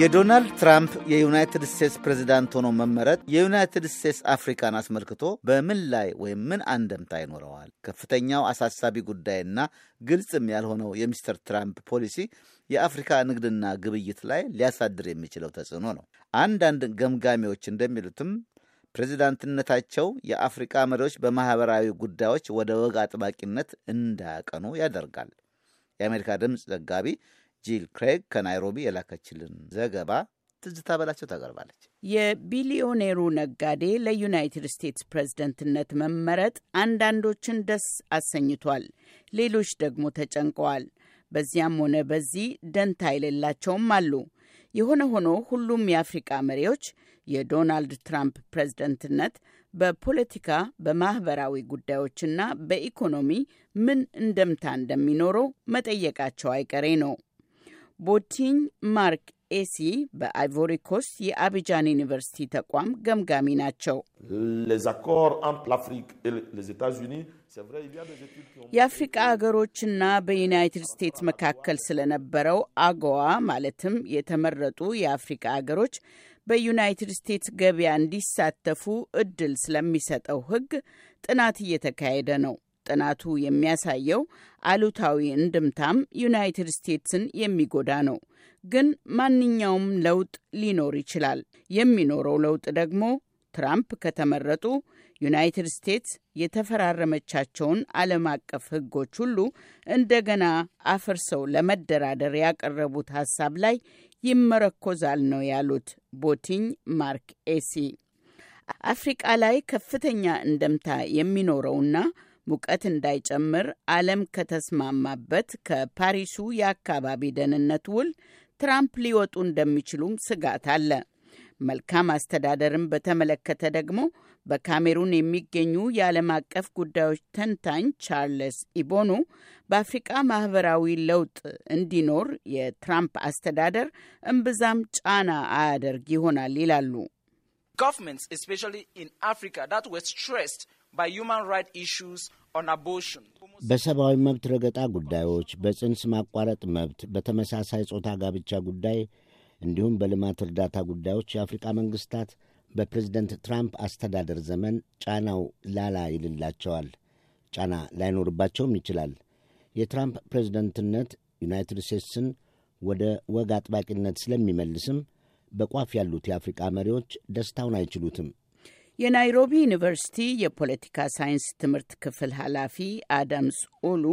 የዶናልድ ትራምፕ የዩናይትድ ስቴትስ ፕሬዚዳንት ሆኖ መመረጥ የዩናይትድ ስቴትስ አፍሪካን አስመልክቶ በምን ላይ ወይም ምን አንደምታ ይኖረዋል? ከፍተኛው አሳሳቢ ጉዳይና ግልጽም ያልሆነው የሚስተር ትራምፕ ፖሊሲ የአፍሪካ ንግድና ግብይት ላይ ሊያሳድር የሚችለው ተጽዕኖ ነው። አንዳንድ ገምጋሚዎች እንደሚሉትም ፕሬዚዳንትነታቸው የአፍሪቃ መሪዎች በማኅበራዊ ጉዳዮች ወደ ወግ አጥባቂነት እንዳያቀኑ ያደርጋል። የአሜሪካ ድምፅ ዘጋቢ ጂል ክሬግ ከናይሮቢ የላከችልን ዘገባ ትዝታ በላቸው ታቀርባለች። የቢሊዮኔሩ ነጋዴ ለዩናይትድ ስቴትስ ፕሬዝደንትነት መመረጥ አንዳንዶችን ደስ አሰኝቷል፣ ሌሎች ደግሞ ተጨንቀዋል። በዚያም ሆነ በዚህ ደንታ የሌላቸውም አሉ። የሆነ ሆኖ ሁሉም የአፍሪቃ መሪዎች የዶናልድ ትራምፕ ፕሬዝደንትነት በፖለቲካ በማኅበራዊ ጉዳዮችና በኢኮኖሚ ምን እንደምታ እንደሚኖረው መጠየቃቸው አይቀሬ ነው። ቦቲኝ ማርክ ኤሲ በአይቮሪ ኮስት የአቢጃን ዩኒቨርሲቲ ተቋም ገምጋሚ ናቸው። የአፍሪቃ ሀገሮችና በዩናይትድ ስቴትስ መካከል ስለነበረው አጎዋ ማለትም የተመረጡ የአፍሪቃ ሀገሮች በዩናይትድ ስቴትስ ገበያ እንዲሳተፉ እድል ስለሚሰጠው ሕግ ጥናት እየተካሄደ ነው። ጥናቱ የሚያሳየው አሉታዊ እንድምታም ዩናይትድ ስቴትስን የሚጎዳ ነው። ግን ማንኛውም ለውጥ ሊኖር ይችላል። የሚኖረው ለውጥ ደግሞ ትራምፕ ከተመረጡ ዩናይትድ ስቴትስ የተፈራረመቻቸውን ዓለም አቀፍ ሕጎች ሁሉ እንደገና አፍርሰው ለመደራደር ያቀረቡት ሀሳብ ላይ ይመረኮዛል ነው ያሉት ቦቲኝ ማርክ ኤሲ። አፍሪቃ ላይ ከፍተኛ እንደምታ የሚኖረውና ሙቀት እንዳይጨምር ዓለም ከተስማማበት ከፓሪሱ የአካባቢ ደህንነት ውል ትራምፕ ሊወጡ እንደሚችሉም ስጋት አለ። መልካም አስተዳደርን በተመለከተ ደግሞ በካሜሩን የሚገኙ የዓለም አቀፍ ጉዳዮች ተንታኝ ቻርልስ ኢቦኑ በአፍሪቃ ማህበራዊ ለውጥ እንዲኖር የትራምፕ አስተዳደር እምብዛም ጫና አያደርግ ይሆናል ይላሉ። governments, especially in Africa, that were stressed በሰብአዊ መብት ረገጣ ጉዳዮች፣ በጽንስ ማቋረጥ መብት፣ በተመሳሳይ ጾታ ጋብቻ ጉዳይ እንዲሁም በልማት እርዳታ ጉዳዮች የአፍሪቃ መንግስታት በፕሬዝደንት ትራምፕ አስተዳደር ዘመን ጫናው ላላ ይልላቸዋል። ጫና ላይኖርባቸውም ይችላል። የትራምፕ ፕሬዝደንትነት ዩናይትድ ስቴትስን ወደ ወግ አጥባቂነት ስለሚመልስም በቋፍ ያሉት የአፍሪቃ መሪዎች ደስታውን አይችሉትም። የናይሮቢ ዩኒቨርሲቲ የፖለቲካ ሳይንስ ትምህርት ክፍል ኃላፊ አዳምስ ኦሉ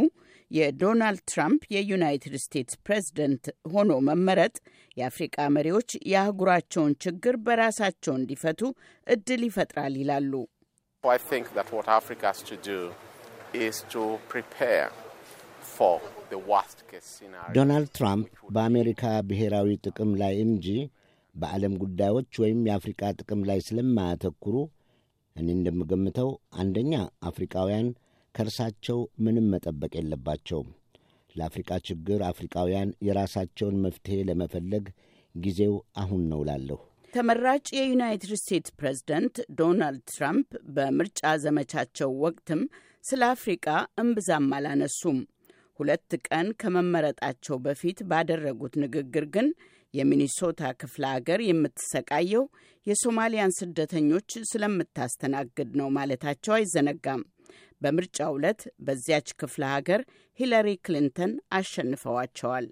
የዶናልድ ትራምፕ የዩናይትድ ስቴትስ ፕሬዝደንት ሆኖ መመረጥ የአፍሪቃ መሪዎች የአህጉራቸውን ችግር በራሳቸው እንዲፈቱ እድል ይፈጥራል ይላሉ። ዶናልድ ትራምፕ በአሜሪካ ብሔራዊ ጥቅም ላይ እንጂ በዓለም ጉዳዮች ወይም የአፍሪቃ ጥቅም ላይ ስለማያተኩሩ እኔ እንደምገምተው አንደኛ አፍሪቃውያን ከእርሳቸው ምንም መጠበቅ የለባቸውም። ለአፍሪቃ ችግር አፍሪቃውያን የራሳቸውን መፍትሔ ለመፈለግ ጊዜው አሁን ነው እላለሁ። ተመራጭ የዩናይትድ ስቴትስ ፕሬዝደንት ዶናልድ ትራምፕ በምርጫ ዘመቻቸው ወቅትም ስለ አፍሪቃ እምብዛም አላነሱም። ሁለት ቀን ከመመረጣቸው በፊት ባደረጉት ንግግር ግን የሚኒሶታ ክፍለ አገር የምትሰቃየው የሶማሊያን ስደተኞች ስለምታስተናግድ ነው ማለታቸው አይዘነጋም። በምርጫ ዕለት በዚያች ክፍለ ሀገር ሂለሪ ክሊንተን አሸንፈዋቸዋል።